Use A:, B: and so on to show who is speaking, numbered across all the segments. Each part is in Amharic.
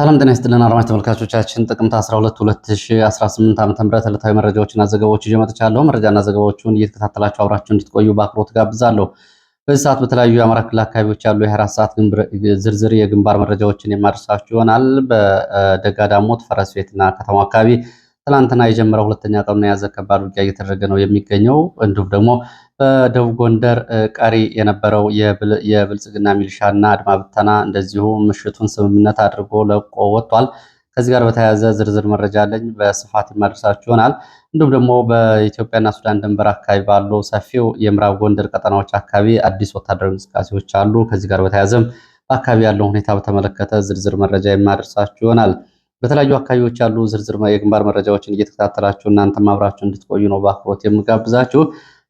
A: ሰላም ጤና ይስጥልን አድማጭ ተመልካቾቻችን፣ ጥቅምት 12 2018 ዓ ዓ.ም ዕለታዊ መረጃዎችና ዘገባዎች ይዤ መጥቻለሁ። መረጃና ዘገባዎቹን እየተከታተላችሁ አብራችሁ እንድትቆዩ በአክብሮት ጋብዛለሁ። በዚህ ሰዓት በተለያዩ የአማራ ክልል አካባቢዎች ያሉ የ24 ሰዓት ዝርዝር የግንባር መረጃዎችን የማደርሳችሁ ይሆናል። በደጋ ዳሞት ፈረስ ቤትና ከተማ አካባቢ ትላንትና የጀመረው ሁለተኛ ቀኑን የያዘ ከባድ ውጊያ እየተደረገ ነው የሚገኘው። እንዲሁም ደግሞ በደቡብ ጎንደር ቀሪ የነበረው የብልጽግና ሚሊሻና አድማ ብተና እንደዚሁ ምሽቱን ስምምነት አድርጎ ለቆ ወጥቷል። ከዚህ ጋር በተያያዘ ዝርዝር መረጃ አለኝ በስፋት የማደርሳችሁ ይሆናል። እንዲሁም ደግሞ በኢትዮጵያና ሱዳን ድንበር አካባቢ ባሉ ሰፊው የምዕራብ ጎንደር ቀጠናዎች አካባቢ አዲስ ወታደራዊ እንቅስቃሴዎች አሉ። ከዚህ ጋር በተያያዘም በአካባቢ ያለው ሁኔታ በተመለከተ ዝርዝር መረጃ የማደርሳችሁ ይሆናል። በተለያዩ አካባቢዎች ያሉ ዝርዝር የግንባር መረጃዎችን እየተከታተላችሁ እናንተም አብራችሁ እንድትቆዩ ነው በአክብሮት የምጋብዛችሁ።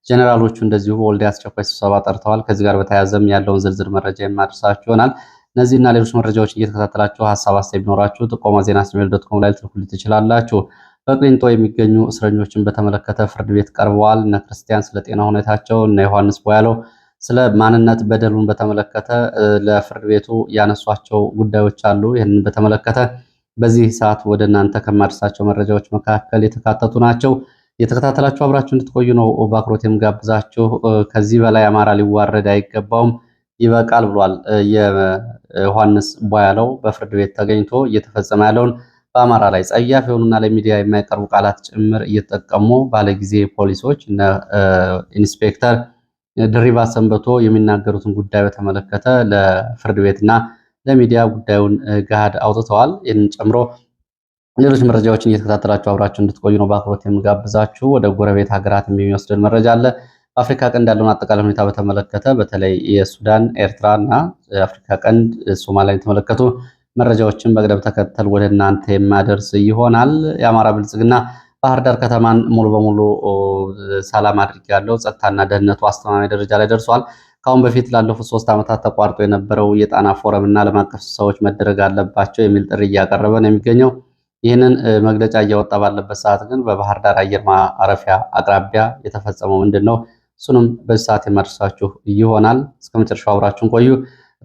A: ጀኔራሎቹ እንደዚሁ ወልዲ አስቸኳይ ስብሰባ ጠርተዋል። ከዚህ ጋር በተያያዘም ያለውን ዝርዝር መረጃ የማድረሳችሁ ይሆናል። እነዚህና ሌሎች መረጃዎች እየተከታተላችሁ ሀሳብ አስተያየት ቢኖራችሁ ጥቆማ ዜና ጂሜል ዶት ኮም ላይ ልትልኩልኝ ትችላላችሁ። በቅሊንጦ የሚገኙ እስረኞችን በተመለከተ ፍርድ ቤት ቀርበዋል። እነ ክርስቲያን ስለ ጤና ሁኔታቸው፣ እነ ዮሐንስ ቦያለው ስለ ማንነት በደሉን በተመለከተ ለፍርድ ቤቱ ያነሷቸው ጉዳዮች አሉ። ይህንን በተመለከተ በዚህ ሰዓት ወደ እናንተ ከማድረሳቸው መረጃዎች መካከል የተካተቱ ናቸው። የተከታተላችሁ አብራችሁ እንድትቆዩ ነው በአክብሮት የምጋብዛችሁ። ከዚህ በላይ አማራ ሊዋረድ አይገባውም፣ ይበቃል ብሏል የዮሐንስ ቧያለው በፍርድ ቤት ተገኝቶ እየተፈጸመ ያለውን በአማራ ላይ ጸያፍ የሆኑና ለሚዲያ የማይቀርቡ ቃላት ጭምር እየተጠቀሙ ባለጊዜ ፖሊሶች ኢንስፔክተር ድሪባ ሰንበቶ የሚናገሩትን ጉዳይ በተመለከተ ለፍርድ ቤትና ለሚዲያ ጉዳዩን ገሃድ አውጥተዋል። ይህንን ጨምሮ ሌሎች መረጃዎችን እየተከታተላችሁ አብራችሁ እንድትቆዩ ነው በአክብሮት የምጋብዛችሁ። ወደ ጎረቤት ሀገራት የሚወስደን መረጃ አለ። በአፍሪካ ቀንድ ያለውን አጠቃላይ ሁኔታ በተመለከተ በተለይ የሱዳን ኤርትራ፣ እና አፍሪካ ቀንድ ሶማሊያን የተመለከቱ መረጃዎችን በቅደም ተከተል ወደ እናንተ የማደርስ ይሆናል። የአማራ ብልጽግና ባህር ዳር ከተማን ሙሉ በሙሉ ሰላም አድርጌያለሁ፣ ጸጥታና ደህንነቱ አስተማማኝ ደረጃ ላይ ደርሷል። ከአሁን በፊት ላለፉት ሶስት ዓመታት ተቋርጦ የነበረው የጣና ፎረም እና ዓለም አቀፍ ስብሰባዎች መደረግ አለባቸው የሚል ጥሪ እያቀረበ ነው የሚገኘው። ይህንን መግለጫ እያወጣ ባለበት ሰዓት ግን በባህር ዳር አየር ማረፊያ አቅራቢያ የተፈጸመው ምንድን ነው? እሱንም በዚህ ሰዓት የማደርሳችሁ ይሆናል። እስከ መጨረሻው አብራችሁን ቆዩ።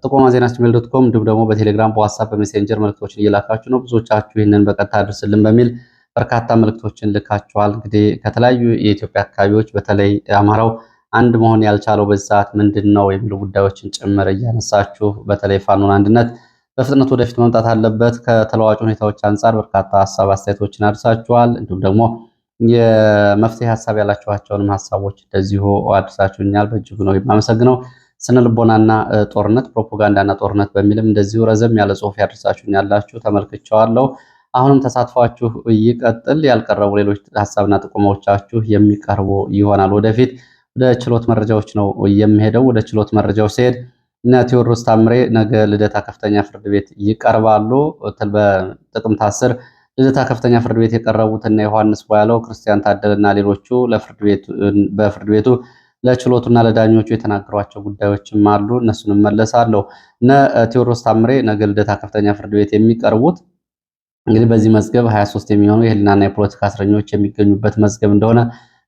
A: ጥቆማ ዜናችን ሜል ዶት ኮም እንዲሁም ደግሞ በቴሌግራም በዋትሳፕ በሜሴንጀር መልክቶችን እየላካችሁ ነው። ብዙዎቻችሁ ይህንን በቀጥታ አድርስልን በሚል በርካታ መልክቶችን ልካችኋል። እንግዲህ ከተለያዩ የኢትዮጵያ አካባቢዎች በተለይ አማራው አንድ መሆን ያልቻለው በዚህ ሰዓት ምንድን ነው የሚሉ ጉዳዮችን ጭምር እያነሳችሁ በተለይ ፋኖን አንድነት በፍጥነት ወደፊት መምጣት አለበት። ከተለዋጭ ሁኔታዎች አንጻር በርካታ ሀሳብ አስተያየቶችን አድርሳችኋል። እንዲሁም ደግሞ የመፍትሄ ሀሳብ ያላችኋቸውንም ሀሳቦች እንደዚሁ አድርሳችሁኛል። በእጅጉ ነው የማመሰግነው። ስነ ልቦናና ጦርነት ፕሮፓጋንዳና ጦርነት በሚልም እንደዚሁ ረዘም ያለ ጽሁፍ ያደርሳችሁን ያላችሁ ተመልክቸዋለሁ። አሁንም ተሳትፏችሁ ይቀጥል። ያልቀረቡ ሌሎች ሀሳብና ጥቆማዎቻችሁ የሚቀርቡ ይሆናል ወደፊት ወደ ችሎት መረጃዎች ነው የሚሄደው። ወደ ችሎት መረጃዎች ሲሄድ እነ ቴዎድሮስ ታምሬ ነገ ልደታ ከፍተኛ ፍርድ ቤት ይቀርባሉ። በጥቅምት አስር ልደታ ከፍተኛ ፍርድ ቤት የቀረቡት እና ዮሐንስ ቧያለው፣ ክርስቲያን ታደለና ሌሎቹ በፍርድ ቤቱ ለችሎቱና ለዳኞቹ የተናገሯቸው ጉዳዮችም አሉ። እነሱንም መለሳለሁ። እነ ቴዎድሮስ ታምሬ ነገ ልደታ ከፍተኛ ፍርድ ቤት የሚቀርቡት እንግዲህ በዚህ መዝገብ 23 የሚሆኑ የህሊናና የፖለቲካ እስረኞች የሚገኙበት መዝገብ እንደሆነ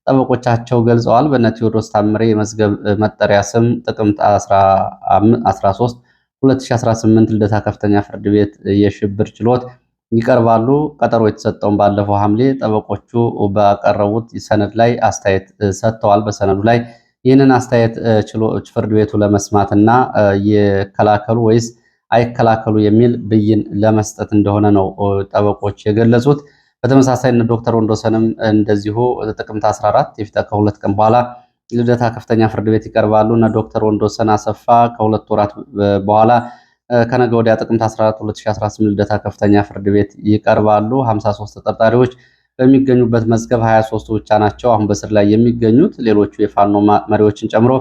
A: ጠበቆቻቸው ገልጸዋል። በእነ ቴዎድሮስ ታምሬ የመዝገብ መጠሪያ ስም ጥቅምት 13 2018 ልደታ ከፍተኛ ፍርድ ቤት የሽብር ችሎት ይቀርባሉ። ቀጠሮ የተሰጠውን ባለፈው ሐምሌ ጠበቆቹ ባቀረቡት ሰነድ ላይ አስተያየት ሰጥተዋል። በሰነዱ ላይ ይህንን አስተያየት ፍርድ ቤቱ ለመስማት እና ይከላከሉ ወይስ አይከላከሉ የሚል ብይን ለመስጠት እንደሆነ ነው ጠበቆች የገለጹት። በተመሳሳይ ዶክተር ወንዶሰንም እንደዚሁ ጥቅምት 14 የፊት ከሁለት ቀን በኋላ ልደታ ከፍተኛ ፍርድ ቤት ይቀርባሉ እና ዶክተር ወንዶሰን አሰፋ ከሁለት ወራት በኋላ ከነገ ወዲያ ጥቅምት 14 2018 ልደታ ከፍተኛ ፍርድ ቤት ይቀርባሉ። 53 ተጠርጣሪዎች በሚገኙበት መዝገብ 23ቱ ብቻ ናቸው አሁን በስር ላይ የሚገኙት። ሌሎቹ የፋኖ መሪዎችን ጨምሮ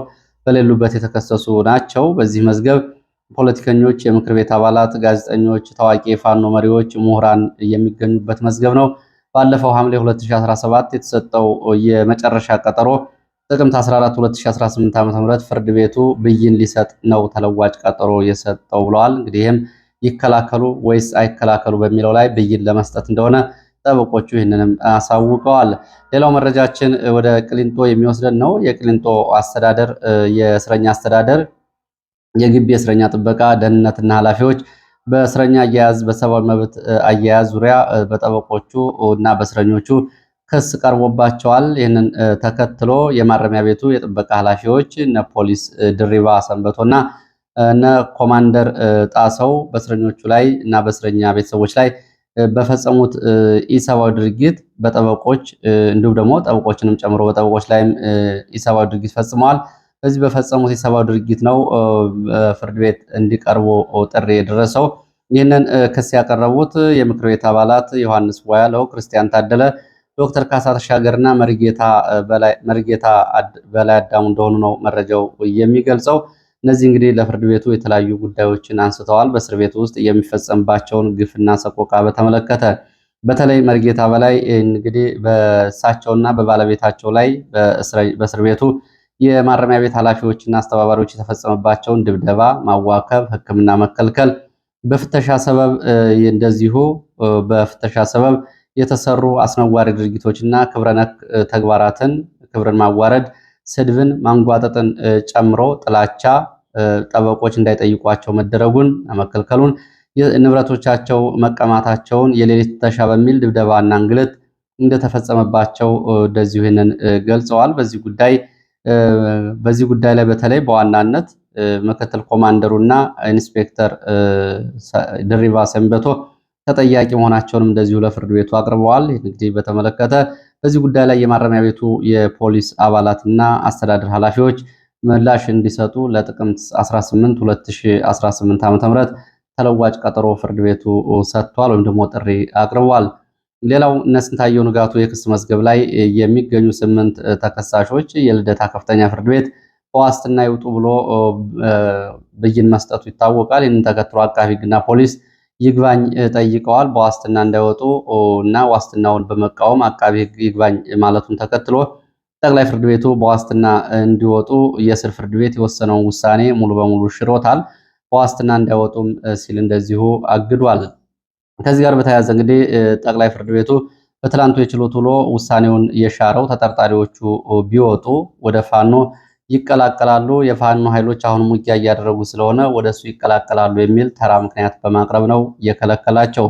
A: በሌሉበት የተከሰሱ ናቸው። በዚህ መዝገብ ፖለቲከኞች፣ የምክር ቤት አባላት፣ ጋዜጠኞች፣ ታዋቂ የፋኖ መሪዎች፣ ምሁራን የሚገኙበት መዝገብ ነው። ባለፈው ሐምሌ 2017 የተሰጠው የመጨረሻ ቀጠሮ ጥቅምት 14 2018 ዓ.ም ፍርድ ቤቱ ብይን ሊሰጥ ነው ተለዋጭ ቀጠሮ የሰጠው ብለዋል። እንግዲህ ይህም ይከላከሉ ወይስ አይከላከሉ በሚለው ላይ ብይን ለመስጠት እንደሆነ ጠበቆቹ ይህንንም አሳውቀዋል። ሌላው መረጃችን ወደ ቅሊንጦ የሚወስደን ነው። የቅሊንጦ አስተዳደር የእስረኛ አስተዳደር የግቢ የእስረኛ ጥበቃ ደህንነትና ኃላፊዎች በእስረኛ አያያዝ በሰብአዊ መብት አያያዝ ዙሪያ በጠበቆቹ እና በእስረኞቹ ክስ ቀርቦባቸዋል። ይህንን ተከትሎ የማረሚያ ቤቱ የጥበቃ ኃላፊዎች እነ ፖሊስ ድሪባ ሰንበቶና እነ ኮማንደር ጣሰው በእስረኞቹ ላይ እና በእስረኛ ቤተሰቦች ላይ በፈጸሙት ኢሰብአዊ ድርጊት በጠበቆች እንዲሁም ደግሞ ጠበቆችንም ጨምሮ በጠበቆች ላይም ኢሰብአዊ ድርጊት ፈጽመዋል። በዚህ በፈጸሙት የሰብአዊ ድርጊት ነው ፍርድ ቤት እንዲቀርቡ ጥሪ የደረሰው። ይህንን ክስ ያቀረቡት የምክር ቤት አባላት ዮሐንስ ቧያለው፣ ክርስቲያን ታደለ፣ ዶክተር ካሳ ተሻገርና መርጌታ በላይ አዳሙ እንደሆኑ ነው መረጃው የሚገልጸው። እነዚህ እንግዲህ ለፍርድ ቤቱ የተለያዩ ጉዳዮችን አንስተዋል። በእስር ቤቱ ውስጥ የሚፈጸምባቸውን ግፍና ሰቆቃ በተመለከተ በተለይ መርጌታ በላይ እንግዲህ በእሳቸውና በባለቤታቸው ላይ በእስር ቤቱ የማረሚያ ቤት ኃላፊዎችና አስተባባሪዎች የተፈጸመባቸውን ድብደባ፣ ማዋከብ፣ ሕክምና መከልከል በፍተሻ ሰበብ እንደዚሁ በፍተሻ ሰበብ የተሰሩ አስነዋሪ ድርጊቶችና ክብረነክ ተግባራትን ክብርን ማዋረድ፣ ስድብን፣ ማንጓጠጥን ጨምሮ ጥላቻ ጠበቆች እንዳይጠይቋቸው መደረጉን መከልከሉን፣ ንብረቶቻቸው መቀማታቸውን፣ የሌሊት ፍተሻ በሚል ድብደባና እንግልት እንደተፈጸመባቸው እንደዚሁ ይህንን ገልጸዋል። በዚህ ጉዳይ በዚህ ጉዳይ ላይ በተለይ በዋናነት ምክትል ኮማንደሩ እና ኢንስፔክተር ድሪባ ሰንበቶ ተጠያቂ መሆናቸውንም እንደዚሁ ለፍርድ ቤቱ አቅርበዋል። እንግዲህ በተመለከተ በዚህ ጉዳይ ላይ የማረሚያ ቤቱ የፖሊስ አባላትና አስተዳደር ኃላፊዎች ምላሽ እንዲሰጡ ለጥቅምት 18 2018 ዓ.ም ተለዋጭ ቀጠሮ ፍርድ ቤቱ ሰጥቷል ወይም ደግሞ ጥሪ አቅርቧል። ሌላው እነ ስንታየሁ ንጋቱ የክስ መዝገብ ላይ የሚገኙ ስምንት ተከሳሾች የልደታ ከፍተኛ ፍርድ ቤት በዋስትና ይውጡ ብሎ ብይን መስጠቱ ይታወቃል። ይህንን ተከትሎ አቃቢ ሕግና ፖሊስ ይግባኝ ጠይቀዋል። በዋስትና እንዳይወጡ እና ዋስትናውን በመቃወም አቃቢ ሕግ ይግባኝ ማለቱን ተከትሎ ጠቅላይ ፍርድ ቤቱ በዋስትና እንዲወጡ የስር ፍርድ ቤት የወሰነውን ውሳኔ ሙሉ በሙሉ ሽሮታል። በዋስትና እንዳይወጡም ሲል እንደዚሁ አግዷል። ከዚህ ጋር በተያያዘ እንግዲህ ጠቅላይ ፍርድ ቤቱ በትላንቱ የችሎት ውሎ ውሳኔውን የሻረው ተጠርጣሪዎቹ ቢወጡ ወደ ፋኖ ይቀላቀላሉ፣ የፋኖ ኃይሎች አሁንም ውጊያ እያደረጉ ስለሆነ ወደ እሱ ይቀላቀላሉ የሚል ተራ ምክንያት በማቅረብ ነው የከለከላቸው።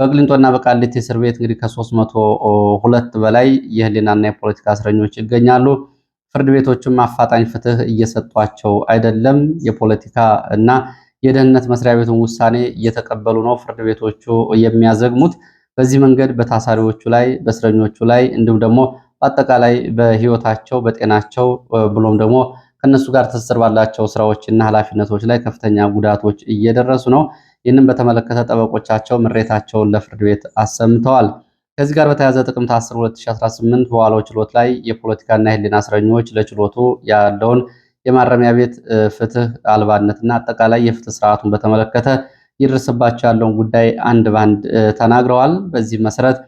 A: በቅሊንጦና በቃሊቲ እስር ቤት እንግዲህ ከሦስት መቶ ሁለት በላይ የህሊናና የፖለቲካ እስረኞች ይገኛሉ። ፍርድ ቤቶችም አፋጣኝ ፍትህ እየሰጧቸው አይደለም። የፖለቲካ እና የደህንነት መስሪያ ቤቱን ውሳኔ እየተቀበሉ ነው ፍርድ ቤቶቹ የሚያዘግሙት። በዚህ መንገድ በታሳሪዎቹ ላይ በእስረኞቹ ላይ እንዲሁም ደግሞ በአጠቃላይ በህይወታቸው በጤናቸው ብሎም ደግሞ ከነሱ ጋር ትስስር ባላቸው ስራዎች እና ኃላፊነቶች ላይ ከፍተኛ ጉዳቶች እየደረሱ ነው። ይህንም በተመለከተ ጠበቆቻቸው ምሬታቸውን ለፍርድ ቤት አሰምተዋል። ከዚህ ጋር በተያያዘ ጥቅምት 10 2018 በዋለው ችሎት ላይ የፖለቲካና የህሊና እስረኞች ለችሎቱ ያለውን የማረሚያ ቤት ፍትህ አልባነትና አጠቃላይ የፍትህ ስርዓቱን በተመለከተ ይደርስባቸው ያለውን ጉዳይ አንድ ባንድ ተናግረዋል። በዚህ መሰረት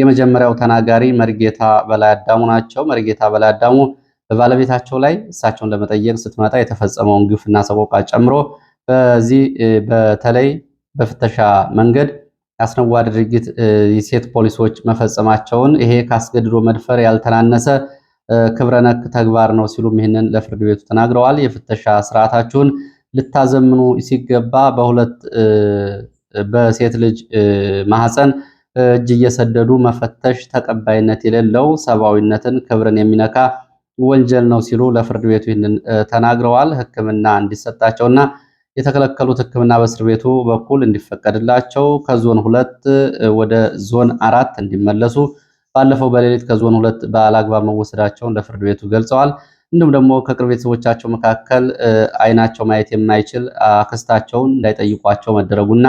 A: የመጀመሪያው ተናጋሪ መርጌታ በላይ አዳሙ ናቸው። መርጌታ በላይ አዳሙ በባለቤታቸው ላይ እሳቸውን ለመጠየቅ ስትመጣ የተፈጸመውን ግፍና ሰቆቃ ጨምሮ በዚህ በተለይ በፍተሻ መንገድ አስነዋሪ ድርጊት የሴት ፖሊሶች መፈጸማቸውን ይሄ ካስገድዶ መድፈር ያልተናነሰ ክብረነክ ተግባር ነው ሲሉም ይህንን ለፍርድ ቤቱ ተናግረዋል። የፍተሻ ስርዓታችሁን ልታዘምኑ ሲገባ በሁለት በሴት ልጅ ማህፀን እጅ እየሰደዱ መፈተሽ ተቀባይነት የሌለው ሰብአዊነትን፣ ክብርን የሚነካ ወንጀል ነው ሲሉ ለፍርድ ቤቱ ይህንን ተናግረዋል። ሕክምና እንዲሰጣቸውና የተከለከሉት ሕክምና በእስር ቤቱ በኩል እንዲፈቀድላቸው ከዞን ሁለት ወደ ዞን አራት እንዲመለሱ ባለፈው በሌሊት ከዞን ሁለት በአላግባብ መወሰዳቸውን ለፍርድ ቤቱ ገልጸዋል። እንዲሁም ደግሞ ከቅርብ ቤተሰቦቻቸው መካከል አይናቸው ማየት የማይችል አክስታቸውን እንዳይጠይቋቸው መደረጉና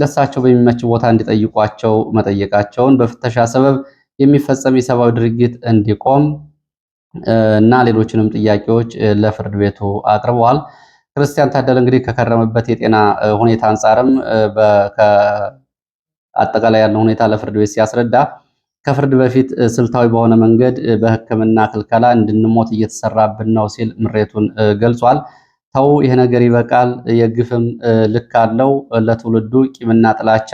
A: ለሳቸው በሚመች ቦታ እንዲጠይቋቸው መጠየቃቸውን በፍተሻ ሰበብ የሚፈጸም የሰብአዊ ድርጊት እንዲቆም እና ሌሎችንም ጥያቄዎች ለፍርድ ቤቱ አቅርበዋል። ክርስቲያን ታደለ እንግዲህ ከከረመበት የጤና ሁኔታ አንጻርም አጠቃላይ ያለው ሁኔታ ለፍርድ ቤት ሲያስረዳ ከፍርድ በፊት ስልታዊ በሆነ መንገድ በሕክምና ክልከላ እንድንሞት እየተሰራብን ነው ሲል ምሬቱን ገልጿል። ተው ይሄ ነገር ይበቃል፣ የግፍም ልክ አለው። ለትውልዱ ቂምና ጥላቻ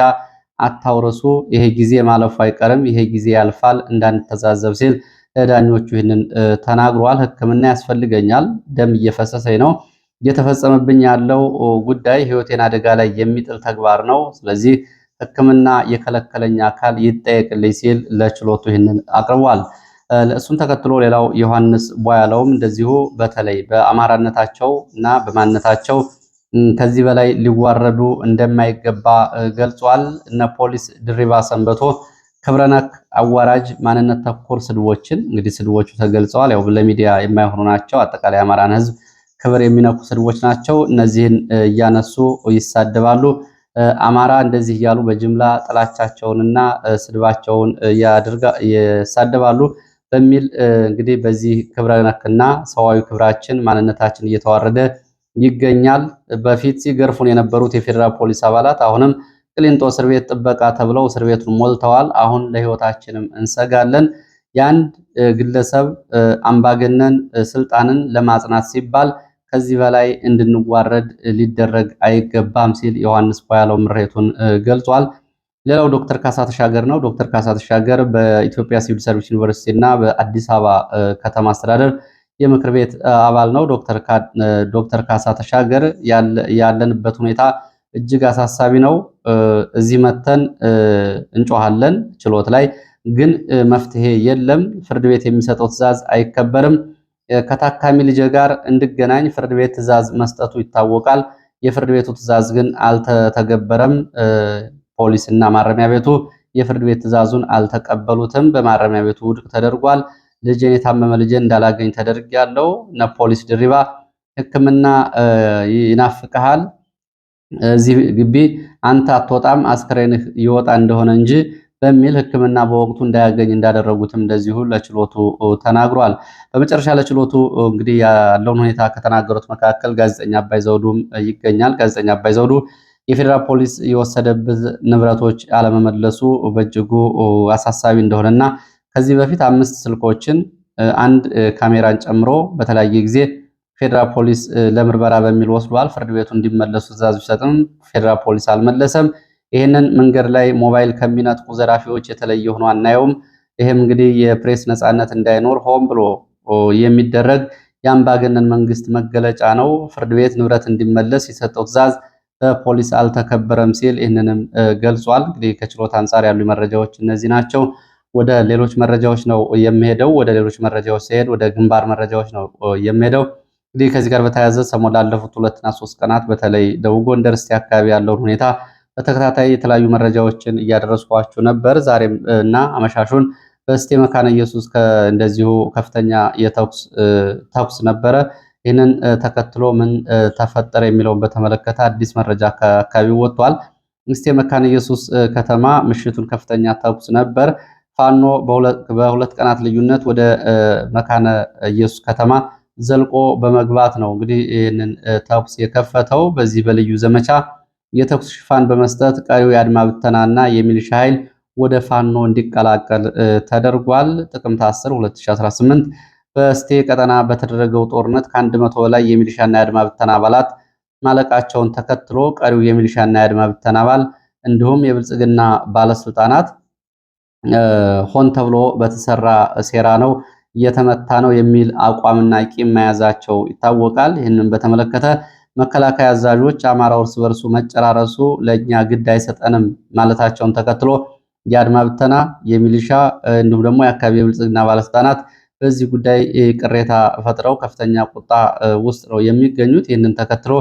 A: አታውርሱ። ይሄ ጊዜ ማለፉ አይቀርም፣ ይሄ ጊዜ ያልፋል፣ እንዳንተዛዘብ ሲል ዳኞቹ ይህንን ተናግሯል። ሕክምና ያስፈልገኛል፣ ደም እየፈሰሰኝ ነው፣ እየተፈጸመብኝ ያለው ጉዳይ ሕይወቴን አደጋ ላይ የሚጥል ተግባር ነው። ስለዚህ ሕክምና የከለከለኝ አካል ይጠየቅልኝ ሲል ለችሎቱ ይህንን አቅርቧል። እሱን ተከትሎ ሌላው ዮሐንስ ቧያለውም እንደዚሁ በተለይ በአማራነታቸው እና በማንነታቸው ከዚህ በላይ ሊዋረዱ እንደማይገባ ገልጿል። እነ ፖሊስ ድሪባ ሰንበቶ ክብረነክ አዋራጅ ማንነት ተኮር ስድቦችን እንግዲህ ስድቦቹ ተገልጸዋል። ያው ለሚዲያ የማይሆኑ ናቸው። አጠቃላይ አማራን ህዝብ ክብር የሚነኩ ስድቦች ናቸው። እነዚህን እያነሱ ይሳደባሉ። አማራ እንደዚህ እያሉ በጅምላ ጥላቻቸውንና ስድባቸውን ይሳደባሉ በሚል እንግዲህ በዚህ ክብረ ነክና ሰዋዊ ክብራችን ማንነታችን እየተዋረደ ይገኛል። በፊት ሲገርፉን የነበሩት የፌዴራል ፖሊስ አባላት አሁንም ቅሊንጦ እስር ቤት ጥበቃ ተብለው እስር ቤቱን ሞልተዋል። አሁን ለህይወታችንም እንሰጋለን። የአንድ ግለሰብ አምባገነን ስልጣንን ለማጽናት ሲባል ከዚህ በላይ እንድንዋረድ ሊደረግ አይገባም ሲል ዮሐንስ ቧያለው ምሬቱን ገልጿል። ሌላው ዶክተር ካሳ ተሻገር ነው። ዶክተር ካሳ ተሻገር በኢትዮጵያ ሲቪል ሰርቪስ ዩኒቨርሲቲ እና በአዲስ አበባ ከተማ አስተዳደር የምክር ቤት አባል ነው። ዶክተር ካሳ ተሻገር ያለንበት ሁኔታ እጅግ አሳሳቢ ነው። እዚህ መተን እንጮሃለን ችሎት ላይ ግን መፍትሄ የለም። ፍርድ ቤት የሚሰጠው ትዕዛዝ አይከበርም። ከታካሚ ልጅ ጋር እንድገናኝ ፍርድ ቤት ትዕዛዝ መስጠቱ ይታወቃል። የፍርድ ቤቱ ትዕዛዝ ግን አልተተገበረም። ፖሊስና ማረሚያ ቤቱ የፍርድ ቤት ትዕዛዙን አልተቀበሉትም። በማረሚያ ቤቱ ውድቅ ተደርጓል። ልጄን የታመመ ልጄን እንዳላገኝ ተደርጊያለሁ። እነ ፖሊስ ድሪባ ሕክምና ይናፍቀሃል። እዚህ ግቢ አንተ አትወጣም፣ አስክሬንህ ይወጣ እንደሆነ እንጂ በሚል ሕክምና በወቅቱ እንዳያገኝ እንዳደረጉትም እንደዚሁ ለችሎቱ ተናግሯል። በመጨረሻ ለችሎቱ እንግዲህ ያለውን ሁኔታ ከተናገሩት መካከል ጋዜጠኛ አባይ ዘውዱም ይገኛል። ጋዜጠኛ አባይ ዘውዱ የፌዴራል ፖሊስ የወሰደበት ንብረቶች አለመመለሱ በእጅጉ አሳሳቢ እንደሆነ እና ከዚህ በፊት አምስት ስልኮችን አንድ ካሜራን ጨምሮ በተለያየ ጊዜ ፌዴራል ፖሊስ ለምርመራ በሚል ወስዷል። ፍርድ ቤቱ እንዲመለሱ ትዛዝ ቢሰጥም ፌዴራል ፖሊስ አልመለሰም። ይህንን መንገድ ላይ ሞባይል ከሚነጥቁ ዘራፊዎች የተለየ ሆኖ አናየውም። ይህም እንግዲህ የፕሬስ ነፃነት እንዳይኖር ሆን ብሎ የሚደረግ የአምባገነን መንግስት መገለጫ ነው። ፍርድ ቤት ንብረት እንዲመለስ የሰጠው ትዕዛዝ በፖሊስ አልተከበረም ሲል ይህንንም ገልጿል። እንግዲህ ከችሎት አንጻር ያሉ መረጃዎች እነዚህ ናቸው። ወደ ሌሎች መረጃዎች ነው የሚሄደው። ወደ ሌሎች መረጃዎች ሲሄድ ወደ ግንባር መረጃዎች ነው የሚሄደው። እንግዲህ ከዚህ ጋር በተያያዘ ሰሞን ላለፉት ሁለትና ሶስት ቀናት በተለይ ደቡብ ጎንደር እስቴ አካባቢ ያለውን ሁኔታ በተከታታይ የተለያዩ መረጃዎችን እያደረስኳችሁ ነበር። ዛሬም እና አመሻሹን በስቴ መካነ ኢየሱስ እንደዚሁ ከፍተኛ ተኩስ ነበረ። ይህንን ተከትሎ ምን ተፈጠረ የሚለውን በተመለከተ አዲስ መረጃ ከአካባቢው ወጥቷል። ስቴ መካነ ኢየሱስ ከተማ ምሽቱን ከፍተኛ ተኩስ ነበር። ፋኖ በሁለት ቀናት ልዩነት ወደ መካነ ኢየሱስ ከተማ ዘልቆ በመግባት ነው እንግዲህ ይህንን ተኩስ የከፈተው በዚህ በልዩ ዘመቻ የተኩስ ሽፋን በመስጠት ቀሪው የአድማ ብተናና የሚሊሻ ኃይል ወደ ፋኖ እንዲቀላቀል ተደርጓል። ጥቅምት 10 2018 በስቴ ቀጠና በተደረገው ጦርነት ከ100 በላይ የሚሊሻና የአድማ ብተና አባላት ማለቃቸውን ተከትሎ ቀሪው የሚሊሻና የአድማ ብተና አባል እንዲሁም የብልጽግና ባለስልጣናት ሆን ተብሎ በተሰራ ሴራ ነው እየተመታ ነው የሚል አቋምና ቂም መያዛቸው ይታወቃል። ይህንን በተመለከተ መከላከያ አዛዦች አማራው እርስ በርሱ መጨራረሱ ለእኛ ግድ አይሰጠንም ማለታቸውን ተከትሎ የአድማ ብተና የሚሊሻ እንዲሁም ደግሞ የአካባቢ የብልጽግና ባለስልጣናት በዚህ ጉዳይ ቅሬታ ፈጥረው ከፍተኛ ቁጣ ውስጥ ነው የሚገኙት። ይህንን ተከትሎ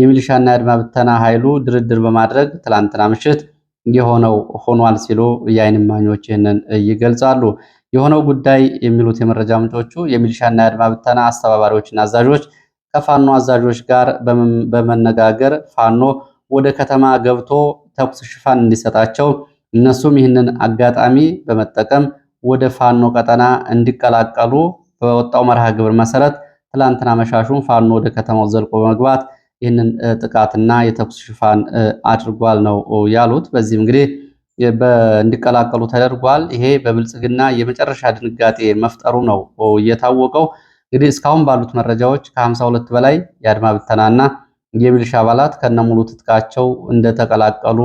A: የሚሊሻና የአድማ ብተና ኃይሉ ድርድር በማድረግ ትላንትና ምሽት የሆነው ሆኗል ሲሉ የዓይን እማኞች ይህንን ይገልጻሉ። የሆነው ጉዳይ የሚሉት የመረጃ ምንጮቹ የሚሊሻና የአድማ ብተና አስተባባሪዎችና አዛዦች ከፋኖ አዛዦች ጋር በመነጋገር ፋኖ ወደ ከተማ ገብቶ ተኩስ ሽፋን እንዲሰጣቸው እነሱም ይህንን አጋጣሚ በመጠቀም ወደ ፋኖ ቀጠና እንዲቀላቀሉ በወጣው መርሃ ግብር መሰረት ትላንትና መሻሹን ፋኖ ወደ ከተማው ዘልቆ በመግባት ይህንን ጥቃትና የተኩስ ሽፋን አድርጓል ነው ያሉት። በዚህም እንግዲህ እንዲቀላቀሉ ተደርጓል። ይሄ በብልጽግና የመጨረሻ ድንጋጤ መፍጠሩ ነው እየታወቀው። እንግዲህ እስካሁን ባሉት መረጃዎች ከ52 በላይ የአድማ ብተናና የሚሊሻ አባላት ከነሙሉ ትጥቃቸው እንደተቀላቀሉ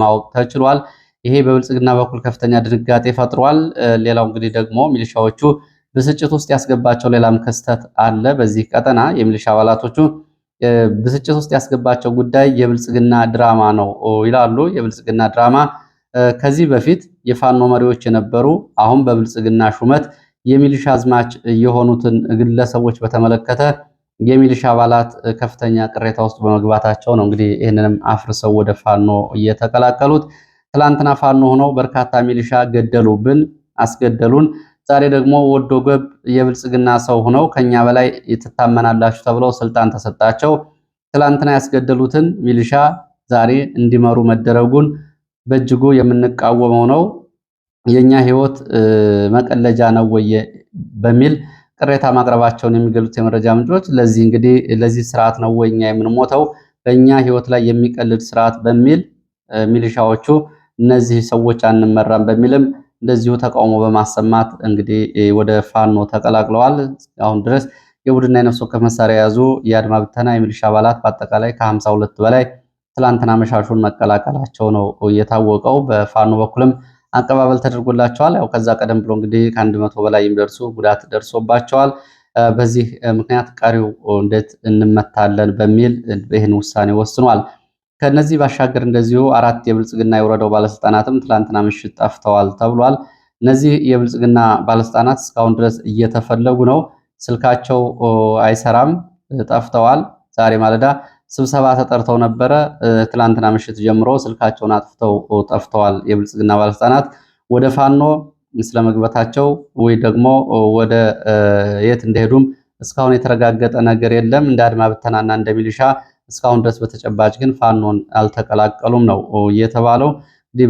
A: ማወቅ ተችሏል። ይሄ በብልጽግና በኩል ከፍተኛ ድንጋጤ ፈጥሯል። ሌላው እንግዲህ ደግሞ ሚሊሻዎቹ ብስጭት ውስጥ ያስገባቸው ሌላም ክስተት አለ። በዚህ ቀጠና የሚሊሻ አባላቶቹ ብስጭት ውስጥ ያስገባቸው ጉዳይ የብልጽግና ድራማ ነው ይላሉ። የብልጽግና ድራማ ከዚህ በፊት የፋኖ መሪዎች የነበሩ አሁን በብልጽግና ሹመት የሚሊሻ አዝማች የሆኑትን ግለሰቦች በተመለከተ የሚሊሻ አባላት ከፍተኛ ቅሬታ ውስጥ በመግባታቸው ነው እንግዲህ ይህንንም አፍርሰው ወደ ፋኖ እየተቀላቀሉት። ትላንትና ፋኖ ሆነው በርካታ ሚሊሻ ገደሉብን፣ አስገደሉን። ዛሬ ደግሞ ወዶ ገብ የብልጽግና ሰው ሆነው ከኛ በላይ ትታመናላችሁ ተብለው ስልጣን ተሰጣቸው። ትላንትና ያስገደሉትን ሚሊሻ ዛሬ እንዲመሩ መደረጉን በእጅጉ የምንቃወመው ነው። የእኛ ህይወት መቀለጃ ነው ወየ በሚል ቅሬታ ማቅረባቸውን የሚገልጹት የመረጃ ምንጮች ለዚህ እንግዲህ ለዚህ ስርዓት ነው ወኛ የምንሞተው በእኛ ህይወት ላይ የሚቀልድ ስርዓት በሚል ሚሊሻዎቹ እነዚህ ሰዎች አንመራም በሚልም እንደዚሁ ተቃውሞ በማሰማት እንግዲህ ወደ ፋኖ ተቀላቅለዋል። አሁን ድረስ የቡድንና የነፍስ ወከፍ መሳሪያ የያዙ የአድማ ብተና የሚሊሻ አባላት በአጠቃላይ ከሀምሳ ሁለት በላይ ትላንትና መሻሹን መቀላቀላቸው ነው የታወቀው። በፋኖ በኩልም አቀባበል ተደርጎላቸዋል። ያው ከዛ ቀደም ብሎ እንግዲህ ከአንድ መቶ በላይ የሚደርሱ ጉዳት ደርሶባቸዋል። በዚህ ምክንያት ቀሪው እንዴት እንመታለን በሚል ይህን ውሳኔ ወስኗል። ከነዚህ ባሻገር እንደዚሁ አራት የብልጽግና የወረዳው ባለስልጣናትም ትላንትና ምሽት ጠፍተዋል ተብሏል። እነዚህ የብልጽግና ባለስልጣናት እስካሁን ድረስ እየተፈለጉ ነው። ስልካቸው አይሰራም፣ ጠፍተዋል። ዛሬ ማለዳ ስብሰባ ተጠርተው ነበረ። ትላንትና ምሽት ጀምሮ ስልካቸውን አጥፍተው ጠፍተዋል። የብልጽግና ባለስልጣናት ወደ ፋኖ ስለመግባታቸው ወይ ደግሞ ወደ የት እንደሄዱም እስካሁን የተረጋገጠ ነገር የለም። እንደ አድማ ብተናና እንደ ሚሊሻ እስካሁን ድረስ በተጨባጭ ግን ፋኖን አልተቀላቀሉም ነው እየተባለው። እንግዲህ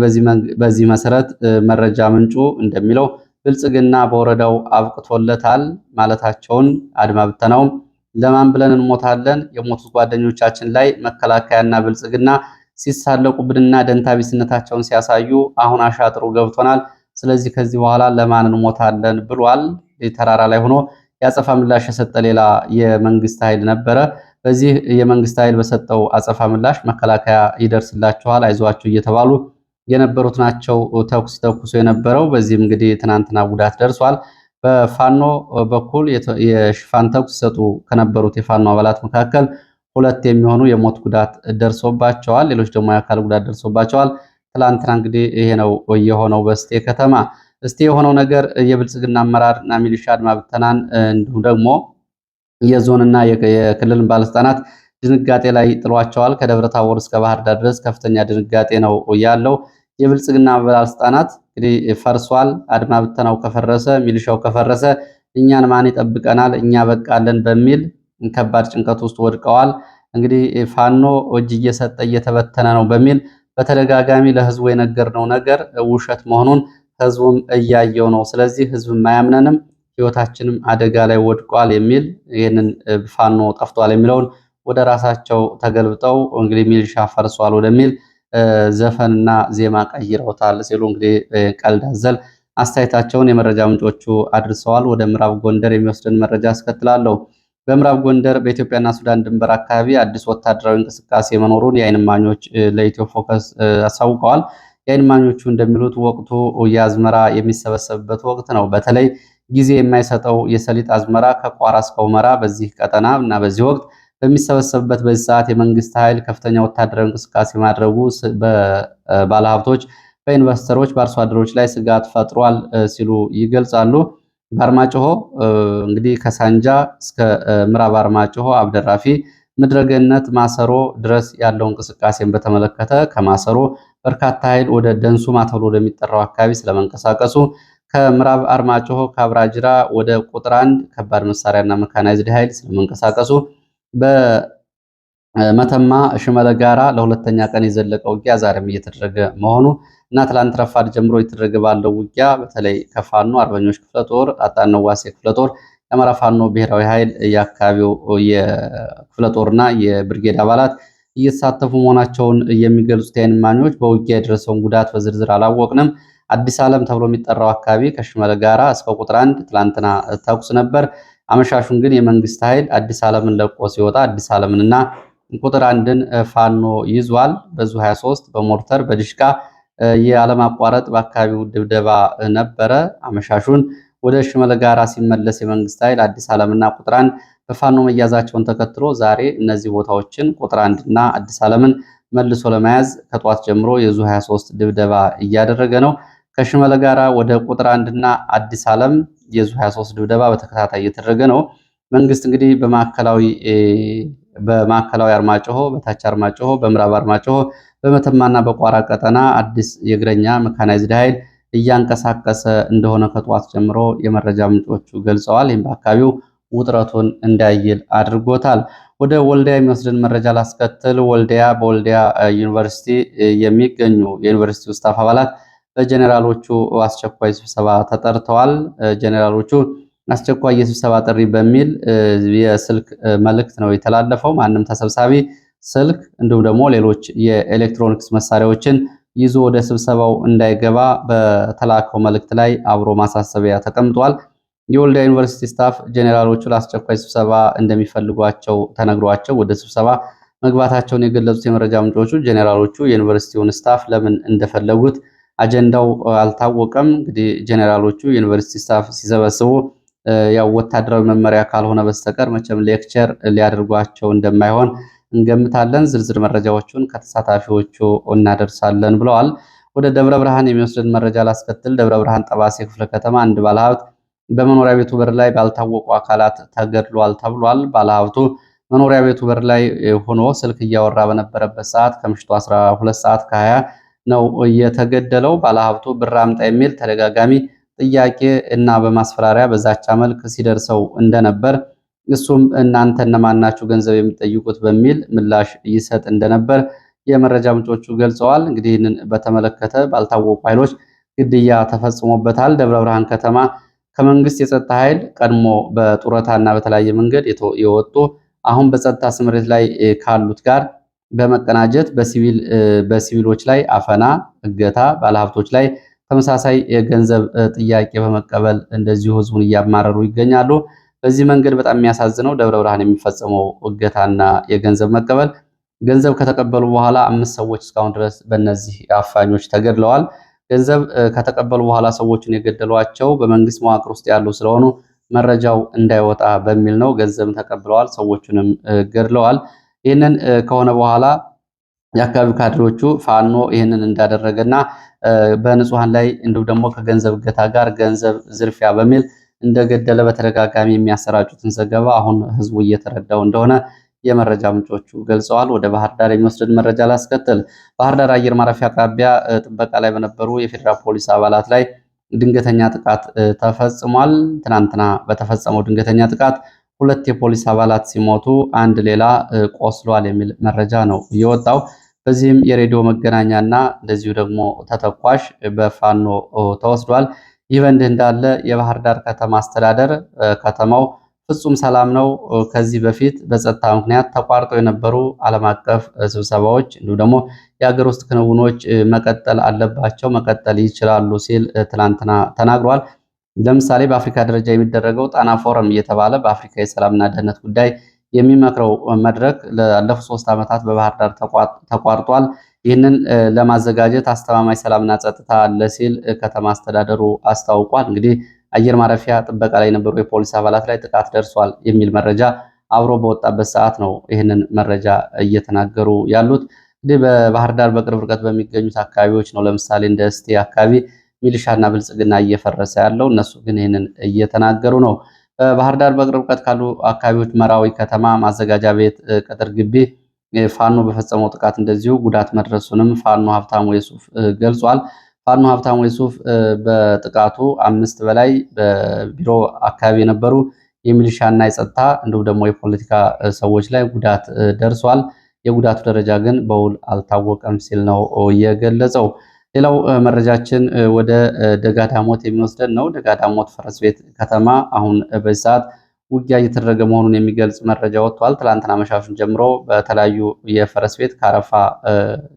A: በዚህ መሰረት መረጃ ምንጩ እንደሚለው ብልጽግና በወረዳው አብቅቶለታል ማለታቸውን አድማ ብተናውም ለማን ብለን እንሞታለን? የሞቱት ጓደኞቻችን ላይ መከላከያና ብልጽግና ሲሳለቁብንና ደንታቢስነታቸውን ሲያሳዩ አሁን አሻጥሩ ገብቶናል። ስለዚህ ከዚህ በኋላ ለማን እንሞታለን ብሏል። ተራራ ላይ ሆኖ የአጸፋ ምላሽ የሰጠ ሌላ የመንግስት ኃይል ነበረ። በዚህ የመንግስት ኃይል በሰጠው አጸፋ ምላሽ መከላከያ ይደርስላችኋል፣ አይዟችሁ እየተባሉ የነበሩት ናቸው ተኩስ ተኩሶ የነበረው። በዚህም እንግዲህ ትናንትና ጉዳት ደርሷል። በፋኖ በኩል የሽፋን ተኩስ ሲሰጡ ከነበሩት የፋኖ አባላት መካከል ሁለት የሚሆኑ የሞት ጉዳት ደርሶባቸዋል። ሌሎች ደግሞ የአካል ጉዳት ደርሶባቸዋል። ትላንትና እንግዲህ ይሄ ነው የሆነው በስቴ ከተማ። እስቲ የሆነው ነገር የብልጽግና አመራርና ሚሊሻ አድማ ብተናን እንዲሁም ደግሞ የዞንና የክልልን ባለስልጣናት ድንጋጤ ላይ ጥሏቸዋል። ከደብረ ታቦር እስከ ባህር ዳር ድረስ ከፍተኛ ድንጋጤ ነው ያለው። የብልጽግና ባለስልጣናት እንግዲህ ፈርሷል፣ አድማ ብተናው ከፈረሰ፣ ሚሊሻው ከፈረሰ እኛን ማን ይጠብቀናል? እኛ በቃለን በሚል ከባድ ጭንቀት ውስጥ ወድቀዋል። እንግዲህ ፋኖ እጅ እየሰጠ እየተበተነ ነው በሚል በተደጋጋሚ ለህዝቡ የነገርነው ነገር ውሸት መሆኑን ህዝቡም እያየው ነው። ስለዚህ ህዝብም አያምነንም፣ ህይወታችንም አደጋ ላይ ወድቋል የሚል ይህንን ፋኖ ጠፍቷል የሚለውን ወደ ራሳቸው ተገልብጠው እንግዲህ ሚሊሻ ፈርሷል ወደሚል ዘፈንና ዜማ ቀይረውታል ሲሉ እንግዲህ ቀልድ አዘል አስተያየታቸውን የመረጃ ምንጮቹ አድርሰዋል። ወደ ምዕራብ ጎንደር የሚወስድን መረጃ አስከትላለሁ። በምዕራብ ጎንደር በኢትዮጵያና ሱዳን ድንበር አካባቢ አዲስ ወታደራዊ እንቅስቃሴ መኖሩን የዓይን እማኞች ለኢትዮ ፎከስ አሳውቀዋል። የዓይን እማኞቹ እንደሚሉት ወቅቱ የአዝመራ የሚሰበሰብበት ወቅት ነው። በተለይ ጊዜ የማይሰጠው የሰሊጥ አዝመራ ከቋራ እስከ ሁመራ በዚህ ቀጠና እና በዚህ ወቅት በሚሰበሰብበት በዚህ ሰዓት የመንግስት ኃይል ከፍተኛ ወታደራዊ እንቅስቃሴ ማድረጉ በባለሀብቶች በኢንቨስተሮች፣ በአርሶ አደሮች ላይ ስጋት ፈጥሯል ሲሉ ይገልጻሉ። በአርማጭሆ እንግዲህ ከሳንጃ እስከ ምዕራብ አርማጭሆ አብደራፊ ምድረገነት ማሰሮ ድረስ ያለው እንቅስቃሴን በተመለከተ ከማሰሮ በርካታ ኃይል ወደ ደንሱማ ተብሎ ወደሚጠራው አካባቢ ስለመንቀሳቀሱ ከምዕራብ አርማጭሆ ከአብራጅራ ወደ ቁጥር አንድ ከባድ መሳሪያና መካናይዝድ ኃይል ስለመንቀሳቀሱ በመተማ ሽመለ ጋራ ለሁለተኛ ቀን የዘለቀ ውጊያ ዛሬም እየተደረገ መሆኑ እና ትላንት ረፋድ ጀምሮ የተደረገ ባለው ውጊያ በተለይ ከፋኖ አርበኞች ክፍለ ጦር፣ አጣነዋሴ ክፍለ ጦር፣ የአማራ ፋኖ ብሔራዊ ኃይል የአካባቢው የክፍለ ጦርና የብርጌድ አባላት እየተሳተፉ መሆናቸውን የሚገልጹት የዓይን እማኞች በውጊያ የደረሰውን ጉዳት በዝርዝር አላወቅንም። አዲስ ዓለም ተብሎ የሚጠራው አካባቢ ከሽመለ ጋራ እስከ ቁጥር አንድ ትላንትና ተኩስ ነበር። አመሻሹን ግን የመንግስት ኃይል አዲስ ዓለምን ለቆ ሲወጣ አዲስ ዓለምንና ቁጥር አንድን ፋኖ ይዟል። በዙ 23 በሞርተር በድሽቃ የአለማቋረጥ በአካባቢው ድብደባ ነበረ። አመሻሹን ወደ ሽመለ ጋራ ሲመለስ የመንግስት ኃይል አዲስ ዓለምና ቁጥር አንድ በፋኖ መያዛቸውን ተከትሎ ዛሬ እነዚህ ቦታዎችን ቁጥር አንድና አዲስ ዓለምን መልሶ ለመያዝ ከጧት ጀምሮ የዙ 23 ድብደባ እያደረገ ነው። ከሽመለ ጋራ ወደ ቁጥር አንድና አዲስ ዓለም የዙ 23 ድብደባ በተከታታይ እየተደረገ ነው። መንግስት እንግዲህ በማዕከላዊ በማዕከላዊ አርማጭሆ፣ በታች አርማጭሆ፣ በምዕራብ አርማጭሆ፣ በመተማና በቋራ ቀጠና አዲስ የእግረኛ መካናይዝድ ኃይል እያንቀሳቀሰ እንደሆነ ከጠዋት ጀምሮ የመረጃ ምንጮቹ ገልጸዋል። ይህም በአካባቢው ውጥረቱን እንዳይል አድርጎታል። ወደ ወልዲያ የሚወስድን መረጃ ላስከትል። ወልዲያ በወልዲያ ዩኒቨርሲቲ የሚገኙ የዩኒቨርሲቲው ስታፍ አባላት በጀኔራሎቹ አስቸኳይ ስብሰባ ተጠርተዋል። ጀኔራሎቹ አስቸኳይ የስብሰባ ጥሪ በሚል የስልክ መልእክት ነው የተላለፈው። ማንም ተሰብሳቢ ስልክ እንዲሁም ደግሞ ሌሎች የኤሌክትሮኒክስ መሳሪያዎችን ይዞ ወደ ስብሰባው እንዳይገባ በተላከው መልእክት ላይ አብሮ ማሳሰቢያ ተቀምጧል። የወልዲያ ዩኒቨርሲቲ ስታፍ ጀኔራሎቹ ለአስቸኳይ ስብሰባ እንደሚፈልጓቸው ተነግሯቸው ወደ ስብሰባ መግባታቸውን የገለጹት የመረጃ ምንጮቹ ጀኔራሎቹ የዩኒቨርሲቲውን ስታፍ ለምን እንደፈለጉት አጀንዳው አልታወቀም። እንግዲህ ጀኔራሎቹ ዩኒቨርሲቲ ስታፍ ሲሰበስቡ ያው ወታደራዊ መመሪያ ካልሆነ በስተቀር መቼም ሌክቸር ሊያደርጓቸው እንደማይሆን እንገምታለን። ዝርዝር መረጃዎቹን ከተሳታፊዎቹ እናደርሳለን ብለዋል። ወደ ደብረ ብርሃን የሚወስድን መረጃ ላስከትል። ደብረ ብርሃን ጠባሴ ክፍለ ከተማ አንድ ባለሀብት በመኖሪያ ቤቱ በር ላይ ባልታወቁ አካላት ተገድሏል ተብሏል። ባለሀብቱ መኖሪያ ቤቱ በር ላይ ሆኖ ስልክ እያወራ በነበረበት ሰዓት ከምሽቱ 12 ሰዓት ከ20 ነው የተገደለው። ባለሀብቱ ብር አምጣ የሚል ተደጋጋሚ ጥያቄ እና በማስፈራሪያ በዛቻ መልክ ሲደርሰው እንደነበር እሱም እናንተ እነማናችሁ ገንዘብ የሚጠይቁት በሚል ምላሽ ይሰጥ እንደነበር የመረጃ ምንጮቹ ገልጸዋል። እንግዲህ ይህንን በተመለከተ ባልታወቁ ኃይሎች ግድያ ተፈጽሞበታል። ደብረ ብርሃን ከተማ ከመንግስት የጸጥታ ኃይል ቀድሞ በጡረታ እና በተለያየ መንገድ የወጡ አሁን በጸጥታ ስምሬት ላይ ካሉት ጋር በመቀናጀት በሲቪሎች ላይ አፈና፣ እገታ፣ ባለሀብቶች ላይ ተመሳሳይ የገንዘብ ጥያቄ በመቀበል እንደዚሁ ህዝቡን እያማረሩ ይገኛሉ። በዚህ መንገድ በጣም የሚያሳዝነው ደብረ ብርሃን የሚፈጸመው እገታና የገንዘብ መቀበል ገንዘብ ከተቀበሉ በኋላ አምስት ሰዎች እስካሁን ድረስ በእነዚህ አፋኞች ተገድለዋል። ገንዘብ ከተቀበሉ በኋላ ሰዎችን የገደሏቸው በመንግስት መዋቅር ውስጥ ያሉ ስለሆኑ መረጃው እንዳይወጣ በሚል ነው። ገንዘብ ተቀብለዋል፣ ሰዎቹንም ገድለዋል። ይህንን ከሆነ በኋላ የአካባቢው ካድሬዎቹ ፋኖ ይህንን እንዳደረገና በንጹሐን ላይ እንዲሁም ደግሞ ከገንዘብ እገታ ጋር ገንዘብ ዝርፊያ በሚል እንደገደለ በተደጋጋሚ የሚያሰራጩትን ዘገባ አሁን ህዝቡ እየተረዳው እንደሆነ የመረጃ ምንጮቹ ገልጸዋል። ወደ ባህር ዳር የሚወስድን መረጃ ላስከትል። ባህር ዳር አየር ማረፊያ አቅራቢያ ጥበቃ ላይ በነበሩ የፌዴራል ፖሊስ አባላት ላይ ድንገተኛ ጥቃት ተፈጽሟል። ትናንትና በተፈጸመው ድንገተኛ ጥቃት ሁለት የፖሊስ አባላት ሲሞቱ አንድ ሌላ ቆስሏል የሚል መረጃ ነው የወጣው። በዚህም የሬዲዮ መገናኛና እንደዚሁ ደግሞ ተተኳሽ በፋኖ ተወስዷል። ይህ በእንዲህ እንዳለ የባህር ዳር ከተማ አስተዳደር ከተማው ፍጹም ሰላም ነው፣ ከዚህ በፊት በጸጥታ ምክንያት ተቋርጠው የነበሩ ዓለም አቀፍ ስብሰባዎች እንዲሁ ደግሞ የሀገር ውስጥ ክንውኖች መቀጠል አለባቸው፣ መቀጠል ይችላሉ ሲል ትናንትና ተናግሯል። ለምሳሌ በአፍሪካ ደረጃ የሚደረገው ጣና ፎረም እየተባለ በአፍሪካ የሰላምና ደህንነት ጉዳይ የሚመክረው መድረክ ላለፉት ሶስት ዓመታት በባህር ዳር ተቋርጧል። ይህንን ለማዘጋጀት አስተማማኝ ሰላምና ጸጥታ አለ ሲል ከተማ አስተዳደሩ አስታውቋል። እንግዲህ አየር ማረፊያ ጥበቃ ላይ የነበሩ የፖሊስ አባላት ላይ ጥቃት ደርሷል የሚል መረጃ አብሮ በወጣበት ሰዓት ነው ይህንን መረጃ እየተናገሩ ያሉት። እንግዲህ በባህር ዳር በቅርብ ርቀት በሚገኙት አካባቢዎች ነው። ለምሳሌ እንደ እስቴ አካባቢ ሚሊሻና ብልጽግና እየፈረሰ ያለው እነሱ ግን ይህንን እየተናገሩ ነው። በባህር ዳር በቅርብ ርቀት ካሉ አካባቢዎች መራዊ ከተማ ማዘጋጃ ቤት ቅጥር ግቢ ፋኖ በፈጸመው ጥቃት እንደዚሁ ጉዳት መድረሱንም ፋኖ ሀብታሙ የሱፍ ገልጿል። ፋኖ ሀብታሙ የሱፍ በጥቃቱ አምስት በላይ በቢሮ አካባቢ የነበሩ የሚሊሻና የጸጥታ እንዲሁም ደግሞ የፖለቲካ ሰዎች ላይ ጉዳት ደርሷል። የጉዳቱ ደረጃ ግን በውል አልታወቀም ሲል ነው የገለጸው። ሌላው መረጃችን ወደ ደጋዳሞት የሚወስደን ነው። ደጋዳሞት ፈረስ ቤት ከተማ አሁን በዚህ ሰዓት ውጊያ እየተደረገ መሆኑን የሚገልጽ መረጃ ወጥቷል። ትላንትና መሻሹን ጀምሮ በተለያዩ የፈረስ ቤት ከአረፋ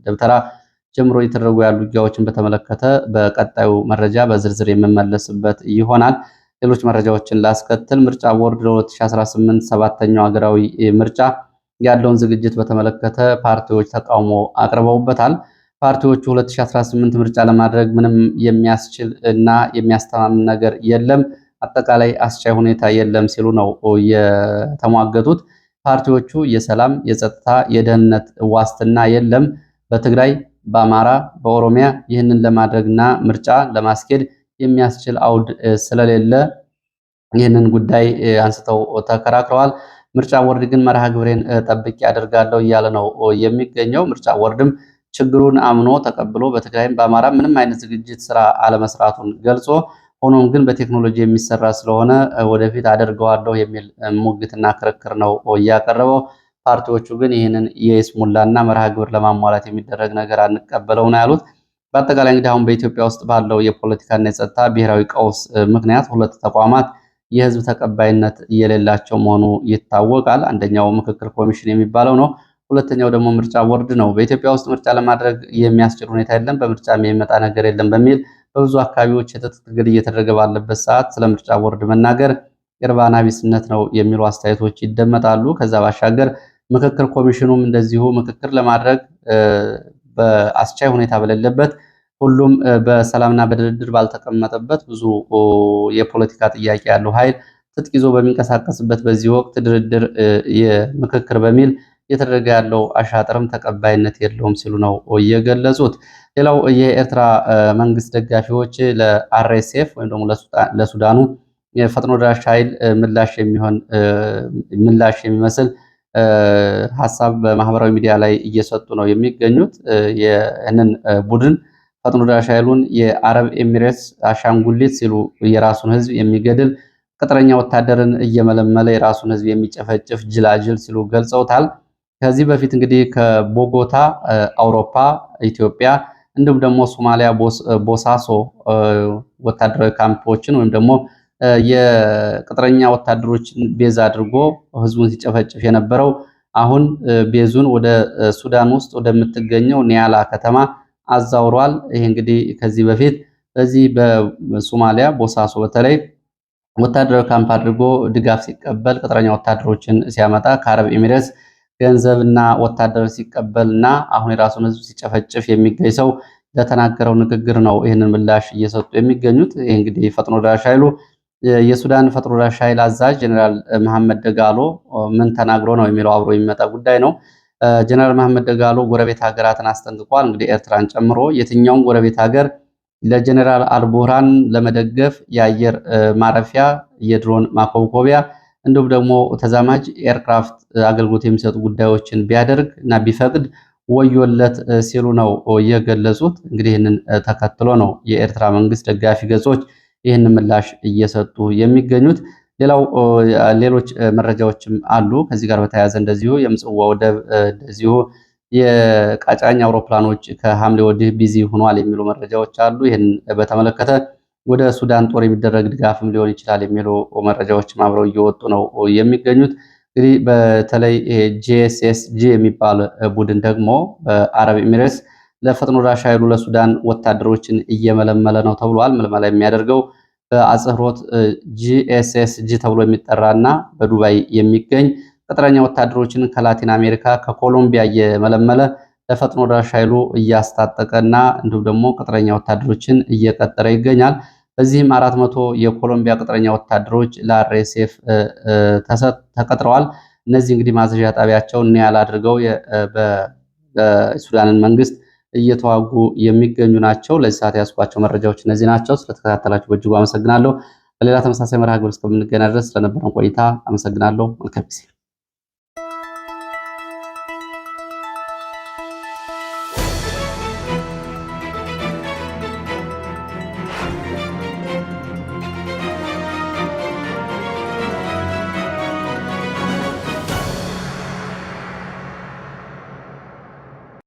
A: ደብተራ ጀምሮ እየተደረጉ ያሉ ውጊያዎችን በተመለከተ በቀጣዩ መረጃ በዝርዝር የምመለስበት ይሆናል። ሌሎች መረጃዎችን ላስከትል። ምርጫ ቦርድ ለ2018 ሰባተኛው ሀገራዊ ምርጫ ያለውን ዝግጅት በተመለከተ ፓርቲዎች ተቃውሞ አቅርበውበታል። ፓርቲዎቹ 2018 ምርጫ ለማድረግ ምንም የሚያስችል እና የሚያስተማምን ነገር የለም፣ አጠቃላይ አስቻይ ሁኔታ የለም ሲሉ ነው የተሟገቱት። ፓርቲዎቹ የሰላም፣ የጸጥታ፣ የደህንነት ዋስትና የለም በትግራይ፣ በአማራ፣ በኦሮሚያ ይህንን ለማድረግና ምርጫ ለማስኬድ የሚያስችል አውድ ስለሌለ ይህንን ጉዳይ አንስተው ተከራክረዋል። ምርጫ ቦርድ ግን መርሃ ግብሬን ጠብቄ አደርጋለሁ እያለ ነው የሚገኘው። ምርጫ ቦርድም ችግሩን አምኖ ተቀብሎ በትግራይም በአማራ ምንም አይነት ዝግጅት ስራ አለመስራቱን ገልጾ ሆኖም ግን በቴክኖሎጂ የሚሰራ ስለሆነ ወደፊት አደርገዋለሁ የሚል ሙግትና ክርክር ነው እያቀረበው። ፓርቲዎቹ ግን ይህንን የይስሙላና መርሃ ግብር ለማሟላት የሚደረግ ነገር አንቀበለው ነው ያሉት። በአጠቃላይ እንግዲህ አሁን በኢትዮጵያ ውስጥ ባለው የፖለቲካና የጸጥታ ብሔራዊ ቀውስ ምክንያት ሁለት ተቋማት የህዝብ ተቀባይነት የሌላቸው መሆኑ ይታወቃል። አንደኛው ምክክር ኮሚሽን የሚባለው ነው። ሁለተኛው ደግሞ ምርጫ ቦርድ ነው። በኢትዮጵያ ውስጥ ምርጫ ለማድረግ የሚያስችል ሁኔታ የለም፣ በምርጫ የሚመጣ ነገር የለም በሚል በብዙ አካባቢዎች የትጥቅ ትግል እየተደረገ ባለበት ሰዓት ስለ ምርጫ ቦርድ መናገር ቅርባና ቢስነት ነው የሚሉ አስተያየቶች ይደመጣሉ። ከዛ ባሻገር ምክክር ኮሚሽኑም እንደዚሁ ምክክር ለማድረግ በአስቻይ ሁኔታ በሌለበት ሁሉም በሰላምና በድርድር ባልተቀመጠበት ብዙ የፖለቲካ ጥያቄ ያለው ኃይል ትጥቅ ይዞ በሚንቀሳቀስበት በዚህ ወቅት ድርድር ምክክር በሚል እየተደረገ ያለው አሻጥርም ተቀባይነት የለውም ሲሉ ነው የገለጹት። ሌላው የኤርትራ መንግስት ደጋፊዎች ለአርኤስኤፍ ወይም ደግሞ ለሱዳኑ የፈጥኖ ደራሽ ኃይል ምላሽ የሚሆን ምላሽ የሚመስል ሀሳብ በማህበራዊ ሚዲያ ላይ እየሰጡ ነው የሚገኙት። ይህንን ቡድን ፈጥኖ ደራሽ ኃይሉን የአረብ ኤሚሬትስ አሻንጉሊት ሲሉ የራሱን ህዝብ የሚገድል ቅጥረኛ ወታደርን እየመለመለ የራሱን ህዝብ የሚጨፈጭፍ ጅላጅል ሲሉ ገልጸውታል። ከዚህ በፊት እንግዲህ ከቦጎታ አውሮፓ፣ ኢትዮጵያ እንዲሁም ደግሞ ሶማሊያ ቦሳሶ ወታደራዊ ካምፖችን ወይም ደግሞ የቅጥረኛ ወታደሮችን ቤዝ አድርጎ ህዝቡን ሲጨፈጭፍ የነበረው አሁን ቤዙን ወደ ሱዳን ውስጥ ወደምትገኘው ኒያላ ከተማ አዛውሯል። ይሄ እንግዲህ ከዚህ በፊት በዚህ በሶማሊያ ቦሳሶ በተለይ ወታደራዊ ካምፕ አድርጎ ድጋፍ ሲቀበል ቅጥረኛ ወታደሮችን ሲያመጣ ከአረብ ኤሚሬትስ ገንዘብና ወታደር ሲቀበልና አሁን የራሱን ህዝብ ሲጨፈጭፍ የሚገኝ ሰው ለተናገረው ንግግር ነው ይህንን ምላሽ እየሰጡ የሚገኙት። ይህ እንግዲህ ፈጥኖ ደራሽ ኃይሉ የሱዳን ፈጥኖ ደራሽ ኃይል አዛዥ ጀኔራል መሐመድ ደጋሎ ምን ተናግሮ ነው የሚለው አብሮ የሚመጣ ጉዳይ ነው። ጀነራል መሐመድ ደጋሎ ጎረቤት ሀገራትን አስጠንቅቋል። እንግዲህ ኤርትራን ጨምሮ የትኛውም ጎረቤት ሀገር ለጀኔራል አልቡርሃን ለመደገፍ የአየር ማረፊያ፣ የድሮን ማኮብኮቢያ እንዲሁም ደግሞ ተዛማጅ ኤርክራፍት አገልግሎት የሚሰጡ ጉዳዮችን ቢያደርግ እና ቢፈቅድ ወዮለት ሲሉ ነው የገለጹት። እንግዲህ ይህንን ተከትሎ ነው የኤርትራ መንግስት ደጋፊ ገጾች ይህንን ምላሽ እየሰጡ የሚገኙት። ሌላው ሌሎች መረጃዎችም አሉ። ከዚህ ጋር በተያያዘ እንደዚሁ የምጽዋ ወደብ እንደዚሁ የቃጫኝ አውሮፕላኖች ከሐምሌ ወዲህ ቢዚ ሆኗል የሚሉ መረጃዎች አሉ። ይህን በተመለከተ ወደ ሱዳን ጦር የሚደረግ ድጋፍም ሊሆን ይችላል የሚሉ መረጃዎችም አብረው እየወጡ ነው የሚገኙት። እንግዲህ በተለይ ጂኤስኤስጂ የሚባል ቡድን ደግሞ በአረብ ኤሚሬትስ ለፈጥኖ ደራሽ ኃይሉ ለሱዳን ወታደሮችን እየመለመለ ነው ተብሏል። ምልመላ የሚያደርገው በአጽህሮት ጂኤስኤስጂ ተብሎ የሚጠራና በዱባይ የሚገኝ ቅጥረኛ ወታደሮችን ከላቲን አሜሪካ ከኮሎምቢያ እየመለመለ ለፈጥኖ ደራሽ ኃይሉ እያስታጠቀና እንዲሁም ደግሞ ቅጥረኛ ወታደሮችን እየቀጠረ ይገኛል። በዚህም አራት መቶ የኮሎምቢያ ቅጥረኛ ወታደሮች ለአርኤስኤፍ ተቀጥረዋል። እነዚህ እንግዲህ ማዘዣ ጣቢያቸው ኒያላ አድርገው በሱዳንን መንግስት እየተዋጉ የሚገኙ ናቸው። ለዚህ ሰዓት ያስኳቸው መረጃዎች እነዚህ ናቸው። ስለተከታተላችሁ በእጅጉ አመሰግናለሁ። በሌላ ተመሳሳይ መርሃ ግብር እስከምንገናኝ ድረስ ስለነበረን ቆይታ አመሰግናለሁ። መልካም ጊዜ